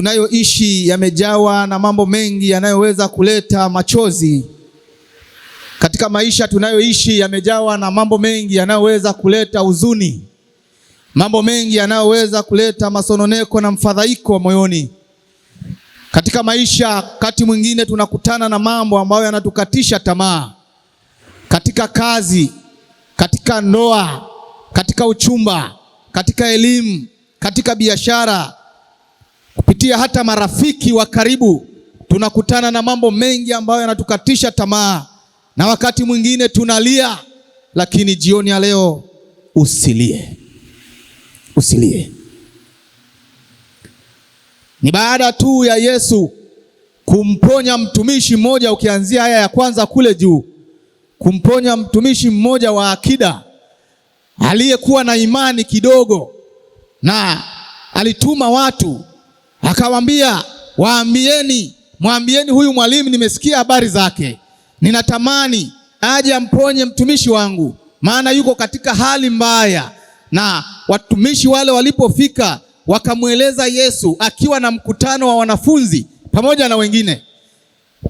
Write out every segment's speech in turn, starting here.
tunayoishi yamejawa na mambo mengi yanayoweza kuleta machozi. Katika maisha tunayoishi yamejawa na mambo mengi yanayoweza kuleta huzuni, mambo mengi yanayoweza kuleta masononeko na mfadhaiko moyoni. Katika maisha, wakati mwingine tunakutana na mambo ambayo yanatukatisha tamaa, katika kazi, katika ndoa, katika uchumba, katika elimu, katika biashara kupitia hata marafiki wa karibu, tunakutana na mambo mengi ambayo yanatukatisha tamaa, na wakati mwingine tunalia. Lakini jioni ya leo usilie, usilie. Ni baada tu ya Yesu kumponya mtumishi mmoja, ukianzia haya ya kwanza kule juu, kumponya mtumishi mmoja wa akida aliyekuwa na imani kidogo, na alituma watu Akawambia, waambieni, mwambieni huyu mwalimu, nimesikia habari zake, ninatamani aje amponye mtumishi wangu, maana yuko katika hali mbaya. Na watumishi wale walipofika wakamweleza Yesu akiwa na mkutano wa wanafunzi pamoja na wengine.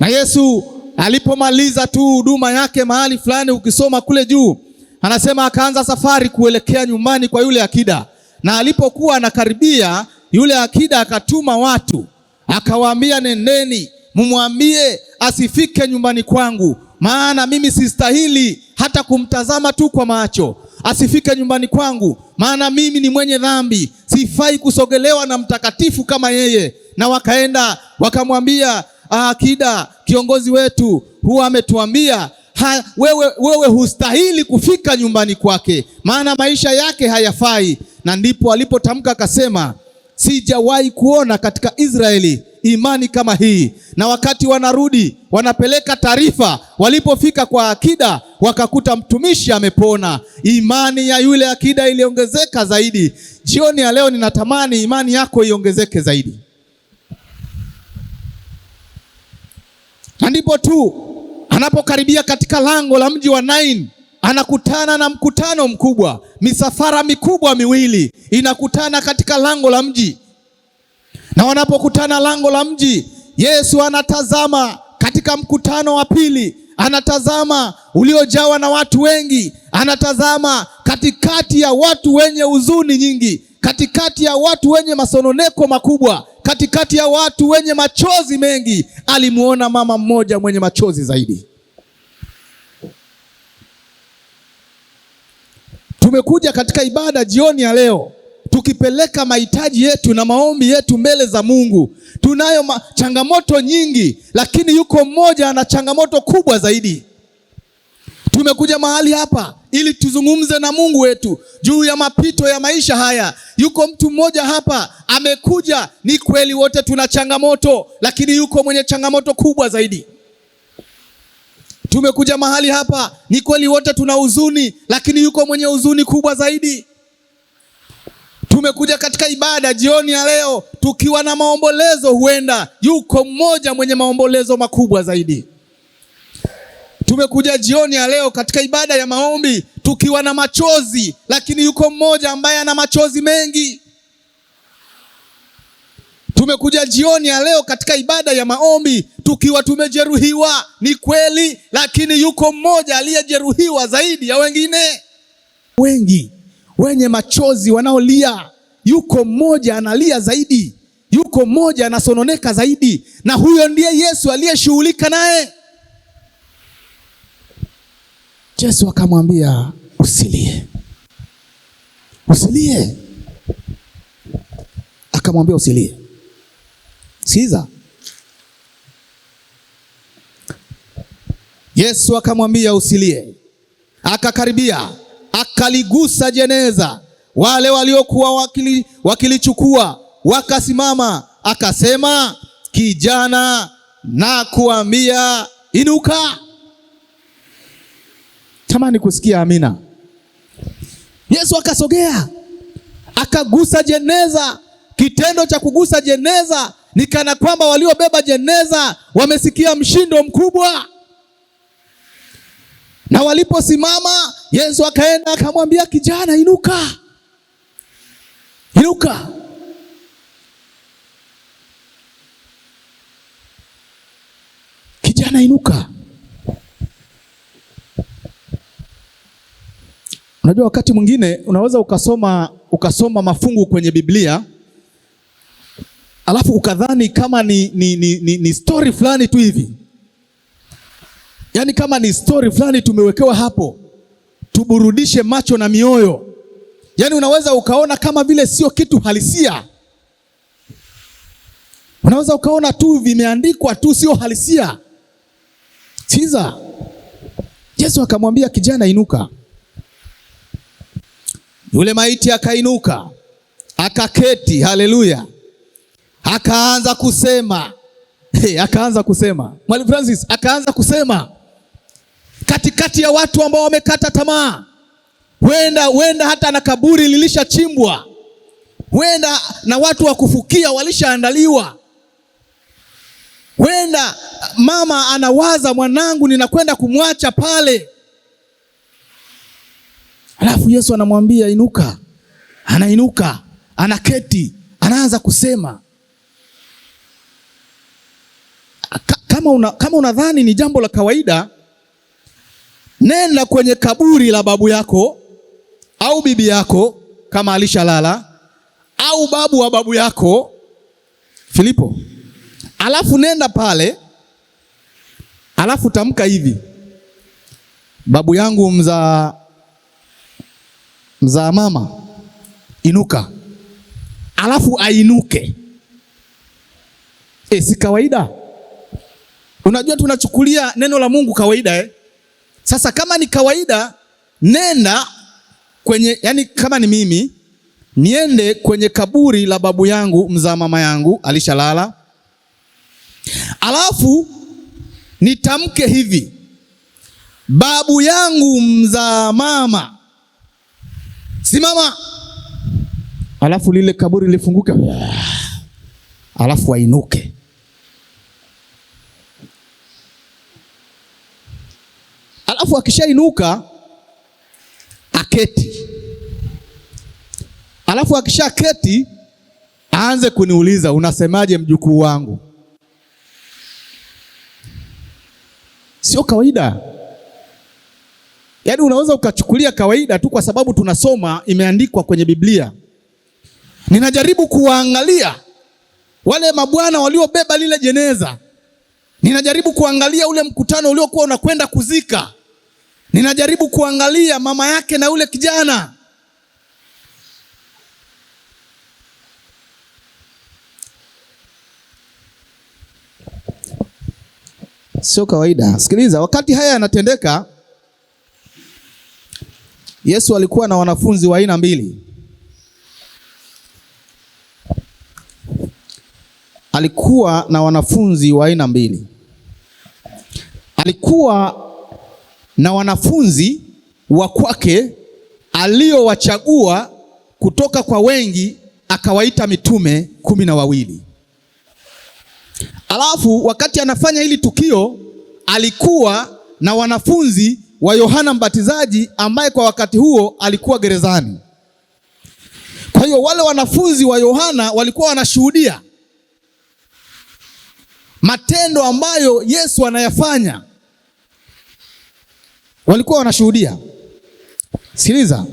Na Yesu alipomaliza tu huduma yake mahali fulani, ukisoma kule juu, anasema akaanza safari kuelekea nyumbani kwa yule akida, na alipokuwa anakaribia yule akida akatuma watu akawaambia, nendeni mumwambie asifike nyumbani kwangu, maana mimi sistahili hata kumtazama tu kwa macho. Asifike nyumbani kwangu, maana mimi ni mwenye dhambi, sifai kusogelewa na mtakatifu kama yeye. Na wakaenda wakamwambia ah, akida, kiongozi wetu huwa ametuambia Ha, wewe, wewe hustahili kufika nyumbani kwake, maana maisha yake hayafai. Na ndipo alipotamka akasema, sijawahi kuona katika Israeli imani kama hii. Na wakati wanarudi wanapeleka taarifa, walipofika kwa akida wakakuta mtumishi amepona. Imani ya yule akida iliongezeka zaidi. Jioni ya leo ninatamani imani yako iongezeke zaidi, na ndipo tu anapokaribia katika lango la mji wa Nain anakutana na mkutano mkubwa, misafara mikubwa miwili inakutana katika lango la mji, na wanapokutana lango la mji, Yesu anatazama katika mkutano wa pili, anatazama uliojawa na watu wengi, anatazama katikati ya watu wenye huzuni nyingi, katikati ya watu wenye masononeko makubwa, katikati ya watu wenye machozi mengi. Alimuona mama mmoja mwenye machozi zaidi. Tumekuja katika ibada jioni ya leo tukipeleka mahitaji yetu na maombi yetu mbele za Mungu. Tunayo changamoto nyingi, lakini yuko mmoja ana changamoto kubwa zaidi. Tumekuja mahali hapa ili tuzungumze na Mungu wetu juu ya mapito ya maisha haya. Yuko mtu mmoja hapa amekuja, ni kweli wote tuna changamoto, lakini yuko mwenye changamoto kubwa zaidi. Tumekuja mahali hapa, ni kweli wote tuna huzuni, lakini yuko mwenye huzuni kubwa zaidi. Tumekuja katika ibada jioni ya leo tukiwa na maombolezo, huenda yuko mmoja mwenye maombolezo makubwa zaidi. Tumekuja jioni ya leo katika ibada ya maombi tukiwa na machozi, lakini yuko mmoja ambaye ana machozi mengi. Tumekuja jioni ya leo katika ibada ya maombi tukiwa tumejeruhiwa, ni kweli, lakini yuko mmoja aliyejeruhiwa zaidi ya wengine wengi, wenye machozi wanaolia. Yuko mmoja analia zaidi, yuko mmoja anasononeka zaidi, na huyo ndiye Yesu aliyeshughulika naye. Yesu akamwambia usilie, usilie, akamwambia usilie Sikiza. Yesu akamwambia usilie. Akakaribia, akaligusa jeneza, wale waliokuwa wakili, wakilichukua wakasimama. Akasema, kijana, nakuambia inuka. Tamani kusikia amina. Yesu akasogea akagusa jeneza. Kitendo cha kugusa jeneza ni kana kwamba waliobeba jeneza wamesikia mshindo mkubwa, na waliposimama Yesu akaenda akamwambia kijana, inuka, inuka. Kijana, inuka. Unajua, wakati mwingine unaweza ukasoma ukasoma mafungu kwenye Biblia alafu ukadhani kama ni, ni, ni, ni, ni stori fulani tu hivi, yaani kama ni stori fulani tumewekewa hapo tuburudishe macho na mioyo, yaani unaweza ukaona kama vile sio kitu halisia. Unaweza ukaona tu vimeandikwa tu, sio halisia. Sikiza, Yesu akamwambia kijana, inuka. Yule maiti akainuka akaketi. Haleluya! akaanza kusema hey, akaanza kusema Mwalimu Francis akaanza kusema katikati ya watu ambao wamekata tamaa, wenda wenda hata na kaburi lilishachimbwa, wenda na watu wa kufukia walishaandaliwa, wenda mama anawaza mwanangu, ninakwenda kumwacha pale. Alafu Yesu anamwambia inuka, anainuka, anaketi, anaanza kusema kama una, kama unadhani ni jambo la kawaida, nenda kwenye kaburi la babu yako au bibi yako kama alishalala au babu wa babu yako Filipo, alafu nenda pale, alafu tamka hivi, babu yangu mzaa mzaa mama inuka, alafu ainuke. E, si kawaida Unajua tunachukulia neno la Mungu kawaida eh? Sasa kama ni kawaida, nenda kwenye, yani kama ni mimi niende kwenye kaburi la babu yangu mzaa mama yangu alishalala, alafu nitamke hivi, babu yangu mzaa mama simama, alafu lile kaburi lifunguke, alafu wainuke alafu akishainuka aketi, alafu akisha keti aanze kuniuliza unasemaje, mjukuu wangu. Sio kawaida. Yaani unaweza ukachukulia kawaida tu kwa sababu tunasoma imeandikwa kwenye Biblia. Ninajaribu kuwaangalia wale mabwana waliobeba lile jeneza. Ninajaribu kuangalia ule mkutano uliokuwa unakwenda kuzika. Ninajaribu kuangalia mama yake na yule kijana. Sio kawaida. Sikiliza, wakati haya yanatendeka, Yesu alikuwa na wanafunzi wa aina mbili. Alikuwa na wanafunzi wa aina mbili. Alikuwa na wanafunzi wa kwake aliowachagua kutoka kwa wengi akawaita mitume kumi na wawili. Alafu wakati anafanya hili tukio alikuwa na wanafunzi wa Yohana Mbatizaji ambaye kwa wakati huo alikuwa gerezani. Kwa hiyo wale wanafunzi wa Yohana walikuwa wanashuhudia matendo ambayo Yesu anayafanya walikuwa wanashuhudia. Sikiliza,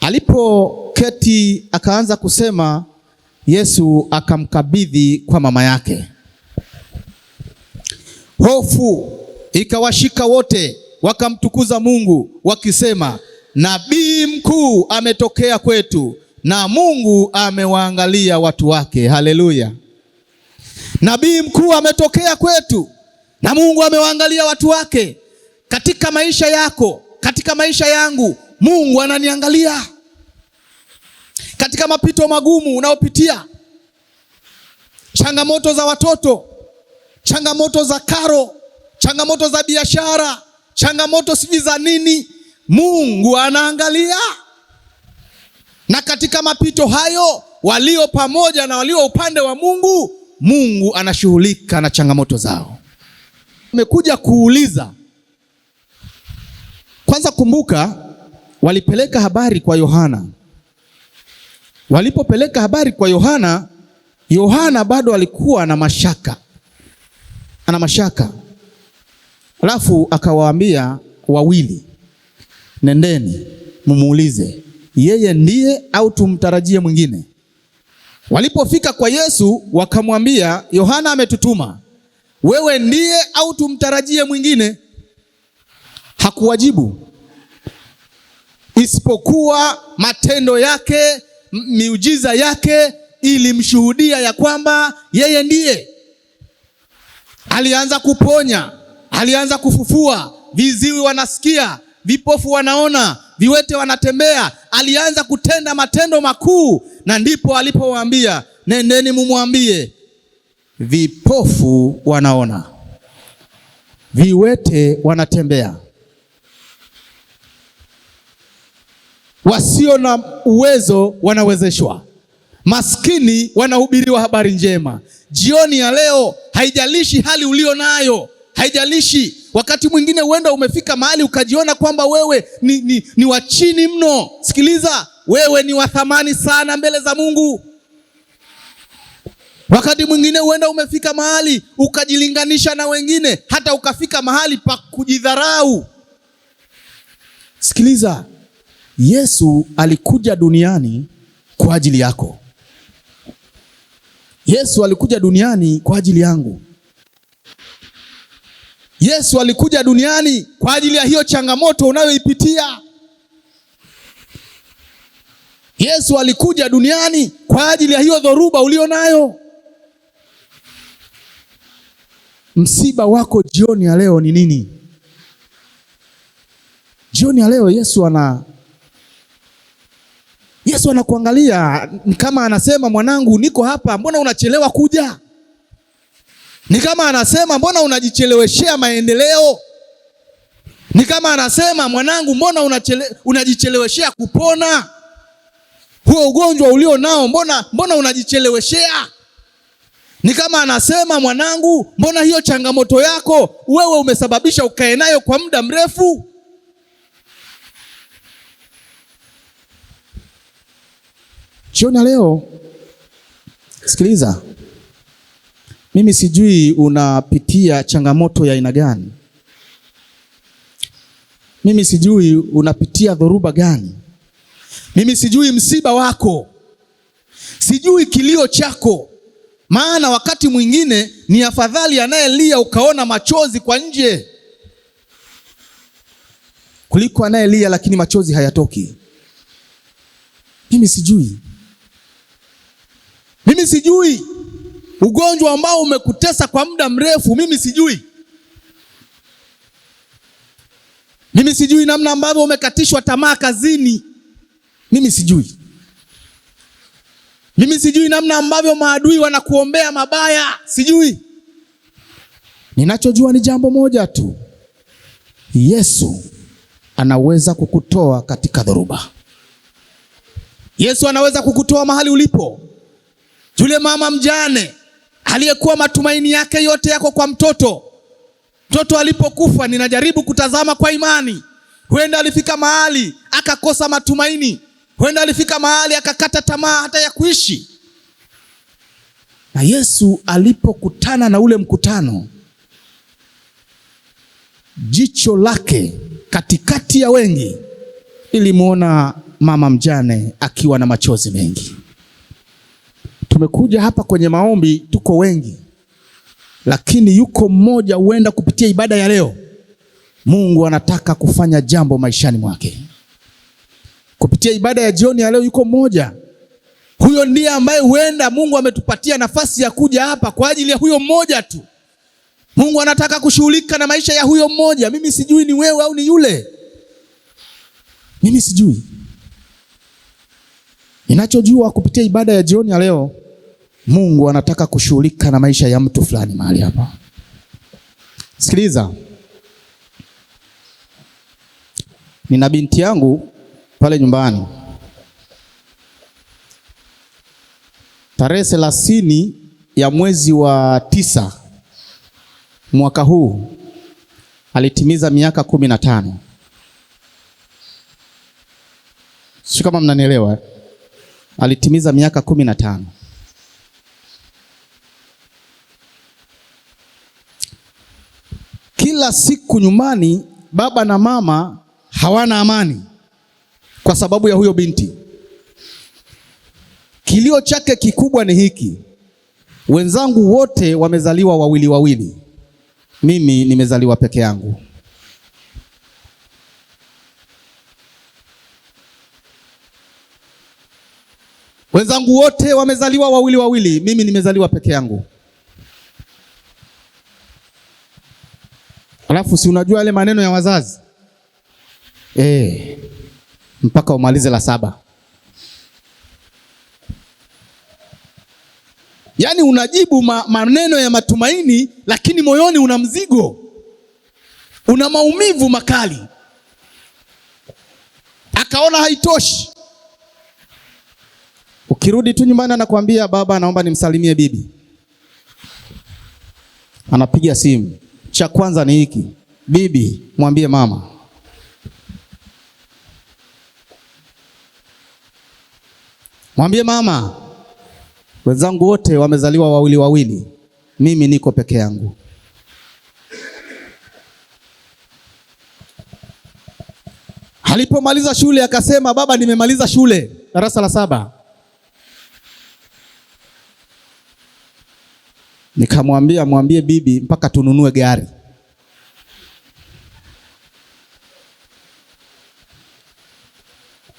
alipoketi akaanza kusema, Yesu akamkabidhi kwa mama yake. Hofu ikawashika wote, wakamtukuza Mungu wakisema, nabii mkuu ametokea kwetu na Mungu amewaangalia watu wake. Haleluya! Nabii mkuu ametokea kwetu na Mungu amewaangalia watu wake katika maisha yako, katika maisha yangu, Mungu ananiangalia katika mapito magumu unaopitia, changamoto za watoto, changamoto za karo, changamoto za biashara, changamoto sijui za nini, Mungu anaangalia. Na katika mapito hayo, walio pamoja na walio upande wa Mungu, Mungu anashughulika na changamoto zao. Umekuja kuuliza kwanza kumbuka, walipeleka habari kwa Yohana. Walipopeleka habari kwa Yohana, Yohana bado alikuwa na mashaka, ana mashaka, alafu akawaambia wawili, nendeni mumuulize yeye ndiye au tumtarajie mwingine. Walipofika kwa Yesu wakamwambia, Yohana ametutuma, wewe ndiye au tumtarajie mwingine? hakuwajibu isipokuwa matendo yake, miujiza yake ilimshuhudia ya kwamba yeye ndiye. Alianza kuponya, alianza kufufua, viziwi wanasikia, vipofu wanaona, viwete wanatembea. Alianza kutenda matendo makuu, na ndipo alipowaambia, nendeni mumwambie, vipofu wanaona, viwete wanatembea wasio na uwezo wanawezeshwa, maskini wanahubiriwa habari njema. Jioni ya leo, haijalishi hali ulio nayo, haijalishi wakati mwingine huenda umefika mahali ukajiona kwamba wewe ni, ni, ni wa chini mno. Sikiliza, wewe ni wa thamani sana mbele za Mungu. Wakati mwingine huenda umefika mahali ukajilinganisha na wengine, hata ukafika mahali pa kujidharau. Sikiliza, Yesu alikuja duniani kwa ajili yako. Yesu alikuja duniani kwa ajili yangu. Yesu alikuja duniani kwa ajili ya hiyo changamoto unayoipitia. Yesu alikuja duniani kwa ajili ya hiyo dhoruba ulio nayo. Msiba wako jioni ya leo ni nini? Jioni ya leo Yesu ana Yesu anakuangalia kama anasema, mwanangu, niko hapa, mbona unachelewa kuja? Ni kama anasema, mbona unajicheleweshea maendeleo? Ni kama anasema, mwanangu, mbona unachele, unajicheleweshea kupona huo ugonjwa ulio nao, mbona, mbona unajicheleweshea? Ni kama anasema, mwanangu, mbona hiyo changamoto yako wewe umesababisha ukae nayo kwa muda mrefu Jioni ya leo, sikiliza, mimi sijui unapitia changamoto ya aina gani, mimi sijui unapitia dhoruba gani, mimi sijui msiba wako, sijui kilio chako maana wakati mwingine ni afadhali anayelia ukaona machozi kwa nje kuliko anayelia lakini machozi hayatoki. Mimi sijui. Mimi sijui ugonjwa ambao umekutesa kwa muda mrefu, mimi sijui. Mimi sijui namna ambavyo umekatishwa tamaa kazini, mimi sijui. Mimi sijui namna ambavyo maadui wanakuombea mabaya, sijui. Ninachojua ni jambo moja tu, Yesu anaweza kukutoa katika dhoruba. Yesu anaweza kukutoa mahali ulipo. Yule mama mjane aliyekuwa matumaini yake yote yako kwa mtoto. Mtoto alipokufa, ninajaribu kutazama kwa imani, huenda alifika mahali akakosa matumaini, huenda alifika mahali akakata tamaa hata ya kuishi. Na Yesu alipokutana na ule mkutano, jicho lake katikati ya wengi ilimwona mama mjane akiwa na machozi mengi. Tumekuja hapa kwenye maombi, tuko wengi, lakini yuko mmoja, huenda kupitia ibada ya leo Mungu anataka kufanya jambo maishani mwake. Kupitia ibada ya jioni ya leo, yuko mmoja, huyo ndiye ambaye huenda Mungu ametupatia nafasi ya kuja hapa kwa ajili ya huyo mmoja tu. Mungu anataka kushughulika na maisha ya huyo mmoja. Mimi sijui ni wewe au ni yule, mimi sijui. Ninachojua kupitia ibada ya jioni ya leo Mungu anataka kushughulika na maisha ya mtu fulani mahali hapa. Sikiliza, nina binti yangu pale nyumbani, tarehe thelathini ya mwezi wa tisa mwaka huu alitimiza miaka kumi na tano. Sio kama mnanielewa, alitimiza miaka kumi na tano. kila siku nyumbani baba na mama hawana amani kwa sababu ya huyo binti. Kilio chake kikubwa ni hiki, wenzangu wote wamezaliwa wawili wawili, mimi nimezaliwa peke yangu. Wenzangu wote wamezaliwa wawili wawili, mimi nimezaliwa peke yangu. Alafu si unajua yale maneno ya wazazi e, mpaka umalize la saba. Yaani unajibu ma, maneno ya matumaini, lakini moyoni una mzigo, una maumivu makali. Akaona haitoshi. Ukirudi tu nyumbani, anakuambia baba, naomba nimsalimie bibi, anapiga simu cha kwanza ni hiki, bibi mwambie mama mwambie mama, wenzangu wote wamezaliwa wawili wawili, mimi niko peke yangu. Alipomaliza shule akasema, baba, nimemaliza shule darasa la saba. Nikamwambia mwambie bibi mpaka tununue gari.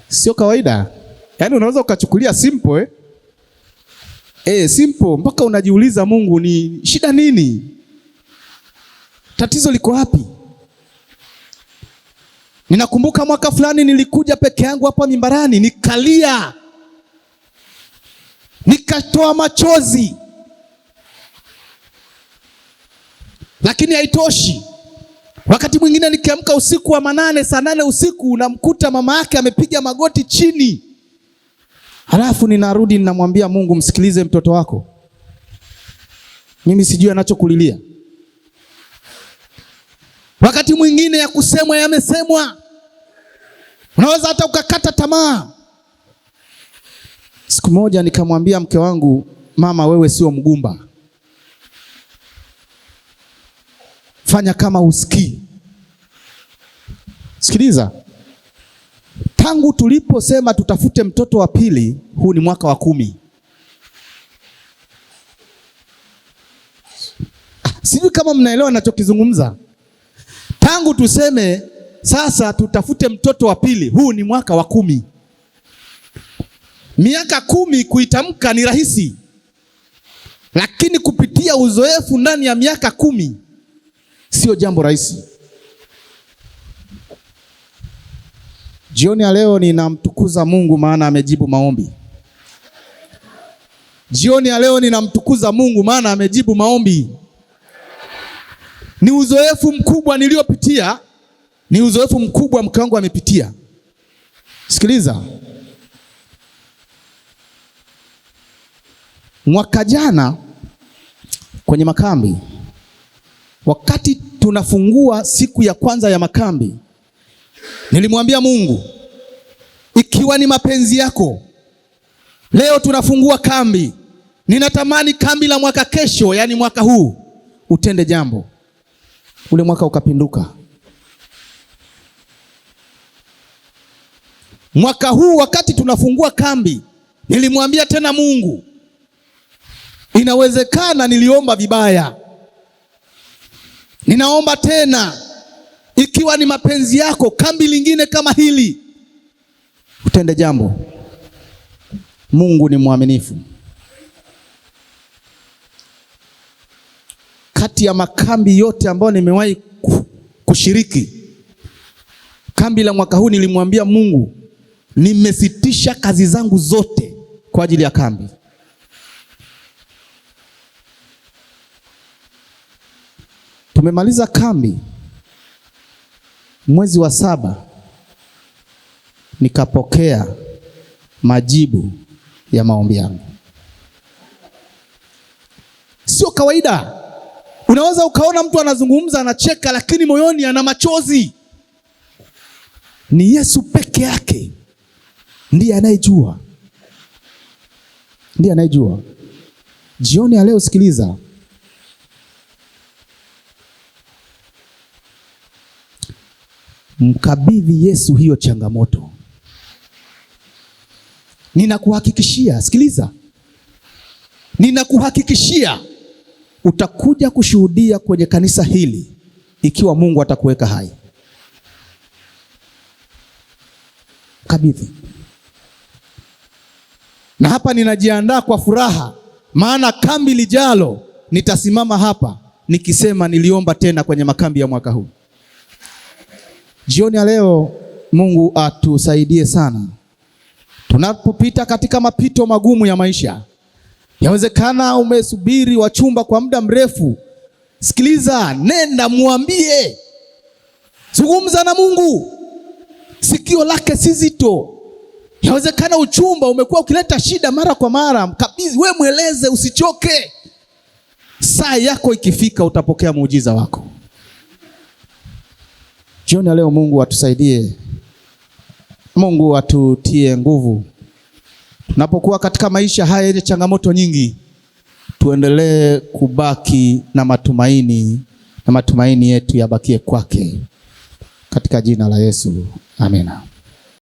Sio kawaida, yaani unaweza ukachukulia simple eh? E, simple mpaka unajiuliza Mungu, ni shida nini? Tatizo liko wapi? Ninakumbuka mwaka fulani nilikuja peke yangu hapa mimbarani, nikalia, nikatoa machozi Lakini haitoshi. Wakati mwingine nikiamka usiku wa manane, saa nane usiku, namkuta mama yake amepiga magoti chini, halafu ninarudi ninamwambia Mungu, msikilize mtoto wako, mimi sijui anachokulilia. Wakati mwingine ya kusemwa yamesemwa, unaweza hata ukakata tamaa. Siku moja nikamwambia mke wangu, mama, wewe sio mgumba fanya kama usikii. Sikiliza, tangu tuliposema tutafute mtoto wa pili, huu ni mwaka wa kumi. Ah, sijui kama mnaelewa ninachokizungumza. Tangu tuseme sasa tutafute mtoto wa pili, huu ni mwaka wa kumi. Miaka kumi kuitamka ni rahisi, lakini kupitia uzoefu ndani ya miaka kumi sio jambo rahisi. Jioni ya leo ninamtukuza Mungu maana amejibu maombi. Jioni ya leo ninamtukuza Mungu maana amejibu maombi. Ni uzoefu mkubwa niliopitia, ni uzoefu mkubwa mke wangu amepitia. Sikiliza, mwaka jana kwenye makambi, wakati tunafungua siku ya kwanza ya makambi, nilimwambia Mungu, ikiwa ni mapenzi yako, leo tunafungua kambi. Ninatamani kambi la mwaka kesho, yaani mwaka huu utende jambo. Ule mwaka ukapinduka. Mwaka huu wakati tunafungua kambi, nilimwambia tena Mungu, inawezekana niliomba vibaya Ninaomba tena, ikiwa ni mapenzi yako, kambi lingine kama hili utende jambo. Mungu ni mwaminifu. Kati ya makambi yote ambayo nimewahi kushiriki, kambi la mwaka huu nilimwambia Mungu, nimesitisha kazi zangu zote kwa ajili ya kambi. Tumemaliza kambi mwezi wa saba, nikapokea majibu ya maombi yangu. Sio kawaida. Unaweza ukaona mtu anazungumza anacheka, lakini moyoni ana machozi. Ni Yesu peke yake ndiye anayejua, ndiye anayejua. Jioni ya leo, sikiliza Mkabidhi Yesu hiyo changamoto. Ninakuhakikishia, sikiliza, ninakuhakikishia utakuja kushuhudia kwenye kanisa hili ikiwa Mungu atakuweka hai. kabidhi Na hapa ninajiandaa kwa furaha, maana kambi lijalo nitasimama hapa nikisema niliomba tena kwenye makambi ya mwaka huu. Jioni ya leo Mungu atusaidie sana. Tunapopita katika mapito magumu ya maisha, yawezekana umesubiri wachumba kwa muda mrefu. Sikiliza, nenda mwambie, zungumza na Mungu, sikio lake si zito. Yawezekana uchumba umekuwa ukileta shida mara kwa mara, mkabidhi we, mweleze, usichoke. Saa yako ikifika, utapokea muujiza wako. Jioni ya leo Mungu atusaidie, Mungu atutie nguvu tunapokuwa katika maisha haya yenye changamoto nyingi, tuendelee kubaki na matumaini na matumaini yetu yabakie kwake, katika jina la Yesu, amina.